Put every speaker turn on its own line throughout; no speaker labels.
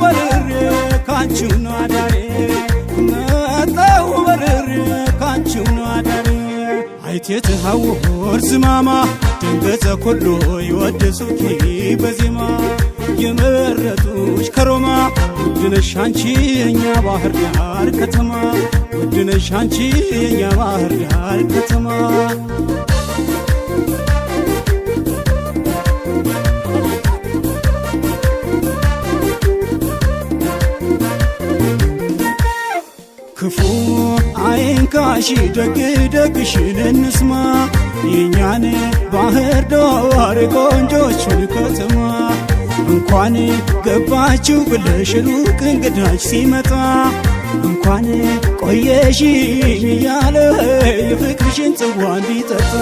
በርሬ ካንቺው ነው አዳሬ መጣሁ በርሬ ካንቺው ነው አዳሬ አይቴት ሐውር ዝማማ ደንገጸ ኮሎ ይወደሱኪ በዜማ የመረጡሽ ከሮማ ውድነሽ አንቺ የኛ ባህር ዳር ከተማ ውድነሽ አንቺ የኛ ባህር ዳር ከተማ አይን አይንካሽ ደግ ደግሽን እንስማ የእኛን ባህር ዳር ቆንጆችን ከተማ እንኳን ገባችሁ ብለሽ ሩቅ እንግዳች ሲመጣ እንኳን ቆየሽ እያለ የፍቅርሽን ጽዋ እንዲጠጣ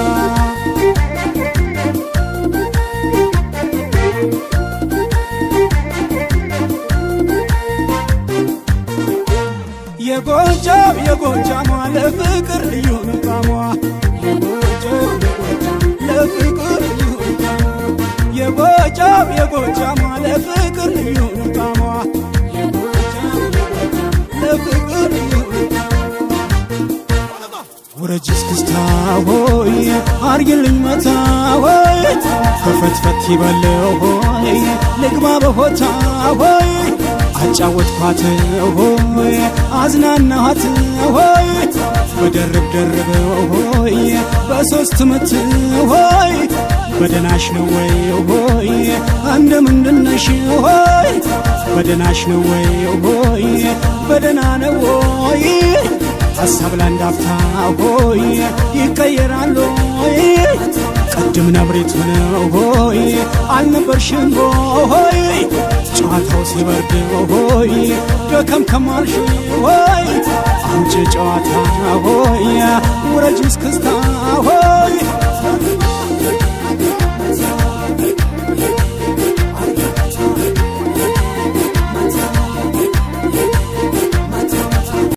የጎጃም የጎጃሟ ለፍቅር ልዩ ጣሟ ለፍቅር ልዩ ጣሟ የጎጃም የጎጃሟ ለፍቅር ልዩ ጣሟ ለፍቅር ልዩ ወረጅ እስክስታ ሆይ አርግልኝ መታ ሆይ ፈፈትፈት ይበለው ሆይ ልግባ በሆታ ሆይ አጫወትኳት ሆይ አዝናናት ሆይ በደርብ ደርብ ሆይ በሶስት ምት ሆይ በደናሽ ነው ወይ ሆይ ነሽ ሆይ በደናሽ ነው ወይ ሆይ በደና ነው ሆይ ሐሳብ ላንዳፍታ ሆይ ይቀየራሉ ሆይ ቀድም ነብሬት ሆነ ሆይ አልነበርሽም ሆይ ጨዋታው ሲበርድ ሆይ ደከምከም አልሽ ሆይ አምጪ ጨዋታ ሆይ ውረጅ ምስክስታ